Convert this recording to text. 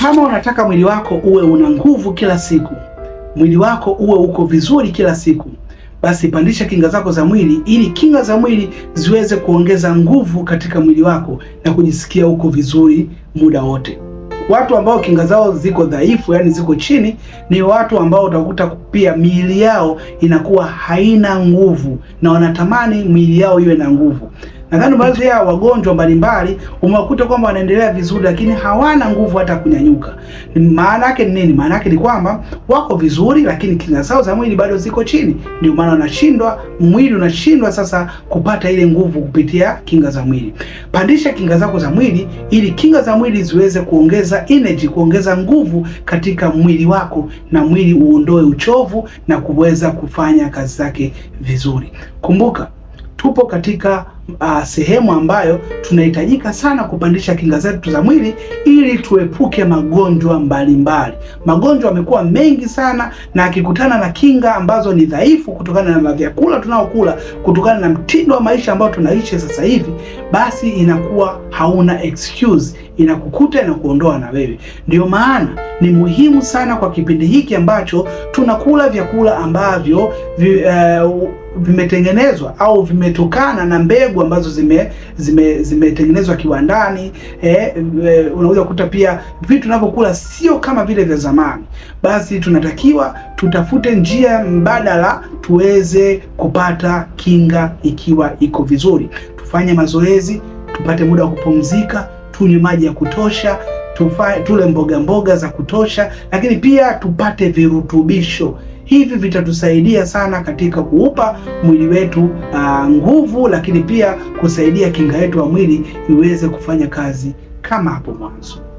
Kama unataka mwili wako uwe una nguvu kila siku, mwili wako uwe uko vizuri kila siku, basi pandisha kinga zako za mwili, ili kinga za mwili ziweze kuongeza nguvu katika mwili wako na kujisikia uko vizuri muda wote. Watu ambao kinga zao ziko dhaifu, yani ziko chini, ni watu ambao utakuta pia miili yao inakuwa haina nguvu na wanatamani miili yao iwe na nguvu. Nadhani baadhi ya wagonjwa mbalimbali umewakuta kwamba wanaendelea vizuri, lakini hawana nguvu hata kunyanyuka. Maana yake ni nini? Maana yake ni kwamba wako vizuri, lakini kinga zao za mwili bado ziko chini, ndio maana wanashindwa, mwili unashindwa sasa kupata ile nguvu kupitia kinga za mwili. Pandisha kinga zako za mwili ili kinga za mwili ziweze kuongeza energy, kuongeza nguvu katika mwili wako, na mwili uondoe uchovu na kuweza kufanya kazi zake vizuri. Kumbuka tupo katika uh, sehemu ambayo tunahitajika sana kupandisha kinga zetu za mwili ili tuepuke magonjwa mbalimbali. Magonjwa yamekuwa mengi sana, na akikutana na kinga ambazo ni dhaifu kutokana na vyakula tunaokula, kutokana na mtindo wa maisha ambao tunaishi sasa hivi, basi inakuwa hauna excuse, inakukuta na kuondoa na wewe. Ndio maana ni muhimu sana kwa kipindi hiki ambacho tunakula vyakula ambavyo vi, uh, vimetengenezwa au vimetokana na mbegu ambazo zime zimetengenezwa zime kiwandani. Eh, eh, unaweza kukuta pia vitu tunavyokula sio kama vile vya zamani. Basi tunatakiwa tutafute njia mbadala tuweze kupata kinga ikiwa iko vizuri. Tufanye mazoezi, tupate muda wa kupumzika, tunywe maji ya kutosha tufa, tule mboga mboga za kutosha, lakini pia tupate virutubisho Hivi vitatusaidia sana katika kuupa mwili wetu uh, nguvu, lakini pia kusaidia kinga yetu ya mwili iweze kufanya kazi kama hapo mwanzo.